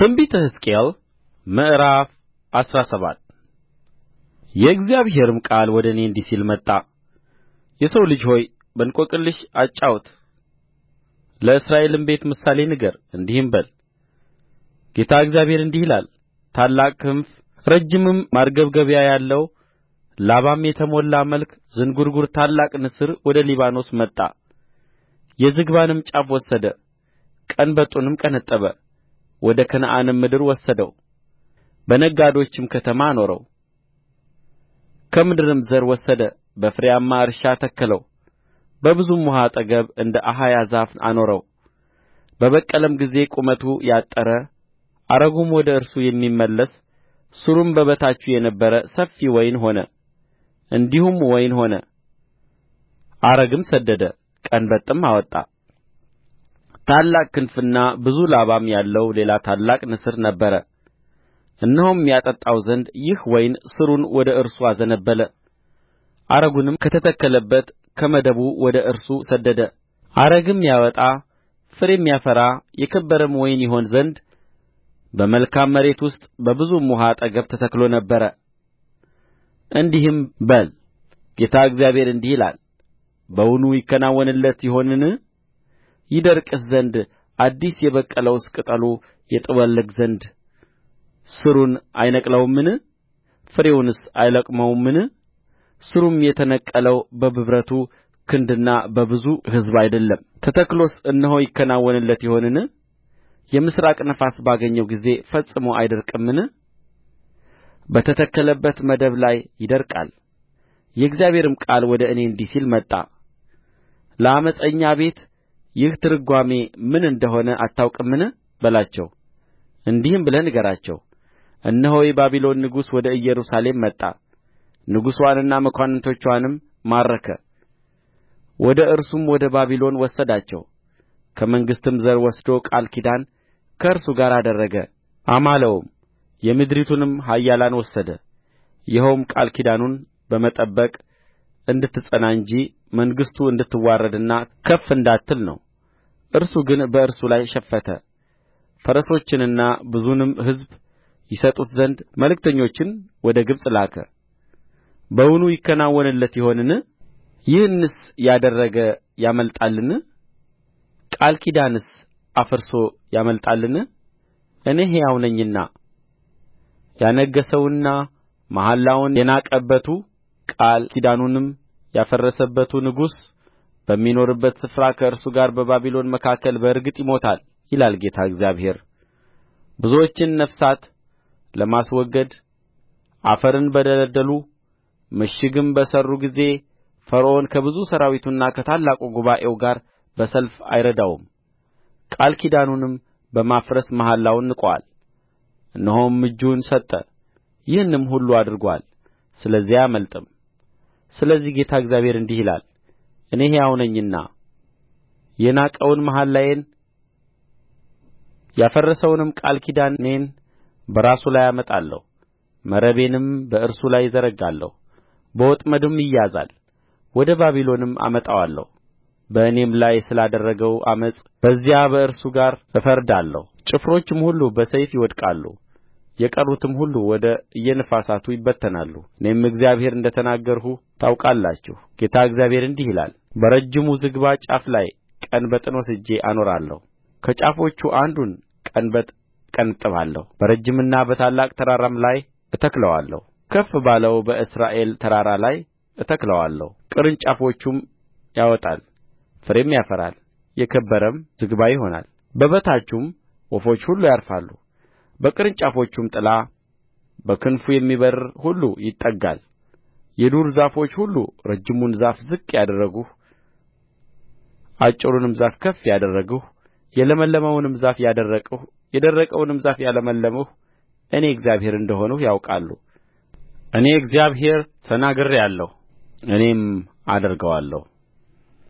ትንቢተ ሕዝቅኤል ምዕራፍ አስራ ሰባት የእግዚአብሔርም ቃል ወደ እኔ እንዲህ ሲል መጣ የሰው ልጅ ሆይ በእንቈቅልሽ አጫውት ለእስራኤልም ቤት ምሳሌ ንገር እንዲህም በል ጌታ እግዚአብሔር እንዲህ ይላል ታላቅ ክንፍ ረጅምም ማርገብገቢያ ያለው ላባም የተሞላ መልከ ዝንጕርጕር ታላቅ ንስር ወደ ሊባኖስ መጣ የዝግባንም ጫፍ ወሰደ ቀንበጡንም ቀነጠበ ወደ ከነዓንም ምድር ወሰደው በነጋዶችም ከተማ አኖረው ከምድርም ዘር ወሰደ በፍሬያማ እርሻ ተከለው በብዙም ውኃ አጠገብ እንደ አኻያ ዛፍ አኖረው በበቀለም ጊዜ ቁመቱ ያጠረ አረጉም ወደ እርሱ የሚመለስ ሥሩም በበታቹ የነበረ ሰፊ ወይን ሆነ እንዲሁም ወይን ሆነ አረግም ሰደደ ቀንበጥም አወጣ ታላቅ ክንፍና ብዙ ላባም ያለው ሌላ ታላቅ ንስር ነበረ እነሆም ያጠጣው ዘንድ ይህ ወይን ሥሩን ወደ እርሱ አዘነበለ አረጉንም ከተተከለበት ከመደቡ ወደ እርሱ ሰደደ አረግም ያወጣ ፍሬም ያፈራ የከበረም ወይን ይሆን ዘንድ በመልካም መሬት ውስጥ በብዙም ውኃ አጠገብ ተተክሎ ነበረ። እንዲህም በል ጌታ እግዚአብሔር እንዲህ ይላል በውኑ ይከናወንለት ይሆንን ይደርቅስ ዘንድ አዲስ የበቀለውስ ቅጠሉ ይጠወልግ ዘንድ ሥሩን አይነቅለውምን ፍሬውንስ አይለቅመውምን ሥሩም የተነቀለው በብርቱ ክንድና በብዙ ሕዝብ አይደለም ተተክሎስ እነሆ ይከናወንለት ይሆንን የምሥራቅ ነፋስ ባገኘው ጊዜ ፈጽሞ አይደርቅምን በተተከለበት መደብ ላይ ይደርቃል የእግዚአብሔርም ቃል ወደ እኔ እንዲህ ሲል መጣ ለዓመፀኛ ቤት ይህ ትርጓሜ ምን እንደ ሆነ አታውቁምን በላቸው እንዲህም ብለህ ንገራቸው እነሆ የባቢሎን ንጉሥ ወደ ኢየሩሳሌም መጣ ንጉሥዋንና መኳንንቶችዋንም ማረከ ወደ እርሱም ወደ ባቢሎን ወሰዳቸው ከመንግሥትም ዘር ወስዶ ቃል ኪዳን ከእርሱ ጋር አደረገ አማለውም የምድሪቱንም ኃያላን ወሰደ ይኸውም ቃል ኪዳኑን በመጠበቅ እንድትጸና እንጂ መንግሥቱ እንድትዋረድና ከፍ እንዳትል ነው እርሱ ግን በእርሱ ላይ ሸፈተ ፈረሶችንና ብዙንም ሕዝብ ይሰጡት ዘንድ መልእክተኞችን ወደ ግብጽ ላከ በውኑ ይከናወንለት ይሆንን ይህንስ ያደረገ ያመልጣልን ቃል ኪዳንስ አፍርሶ ያመልጣልን እኔ ሕያው ነኝና ያነገሠውና መሐላውን የናቀበቱ ቃል ኪዳኑንም ያፈረሰበቱ ንጉሥ በሚኖርበት ስፍራ ከእርሱ ጋር በባቢሎን መካከል በእርግጥ ይሞታል ይላል ጌታ እግዚአብሔር ብዙዎችን ነፍሳት ለማስወገድ አፈርን በደለደሉ ምሽግም በሠሩ ጊዜ ፈርዖን ከብዙ ሠራዊቱና ከታላቁ ጉባኤው ጋር በሰልፍ አይረዳውም ቃል ኪዳኑንም በማፍረስ መሐላውን ንቆአል እነሆም እጁን ሰጠ ይህንም ሁሉ አድርጎአል ስለዚህ አያመልጥም ስለዚህ ጌታ እግዚአብሔር እንዲህ ይላል እኔ ሕያው ነኝና የናቀውን መሐላዬን ያፈረሰውንም ቃል ኪዳኔን በራሱ ላይ አመጣለሁ መረቤንም በእርሱ ላይ እዘረጋለሁ በወጥመድም ይያዛል ወደ ባቢሎንም አመጣዋለሁ በእኔም ላይ ስላደረገው ዓመፅ በዚያ ከእርሱ ጋር እፈርዳለሁ። ጭፍሮችም ሁሉ በሰይፍ ይወድቃሉ የቀሩትም ሁሉ ወደ እየነፋሳቱ ይበተናሉ እኔም እግዚአብሔር እንደ ተናገርሁ ታውቃላችሁ ጌታ እግዚአብሔር እንዲህ ይላል በረጅሙ ዝግባ ጫፍ ላይ ቀንበጥን ወስጄ አኖራለሁ ከጫፎቹ አንዱን ቀንበጥ እቀነጥበዋለሁ በረጅምና በታላቅ ተራራም ላይ እተክለዋለሁ ከፍ ባለው በእስራኤል ተራራ ላይ እተክለዋለሁ ቅርንጫፎቹም ያወጣል ፍሬም ያፈራል የከበረም ዝግባ ይሆናል በበታቹም ወፎች ሁሉ ያርፋሉ በቅርንጫፎቹም ጥላ በክንፉ የሚበርር ሁሉ ይጠጋል የዱር ዛፎች ሁሉ ረጅሙን ዛፍ ዝቅ ያደረግሁ አጭሩንም ዛፍ ከፍ ያደረግሁ የለመለመውንም ዛፍ ያደረቅሁ የደረቀውንም ዛፍ ያለመለምሁ እኔ እግዚአብሔር እንደ ሆንሁ ያውቃሉ እኔ እግዚአብሔር ተናግሬአለሁ እኔም አደርገዋለሁ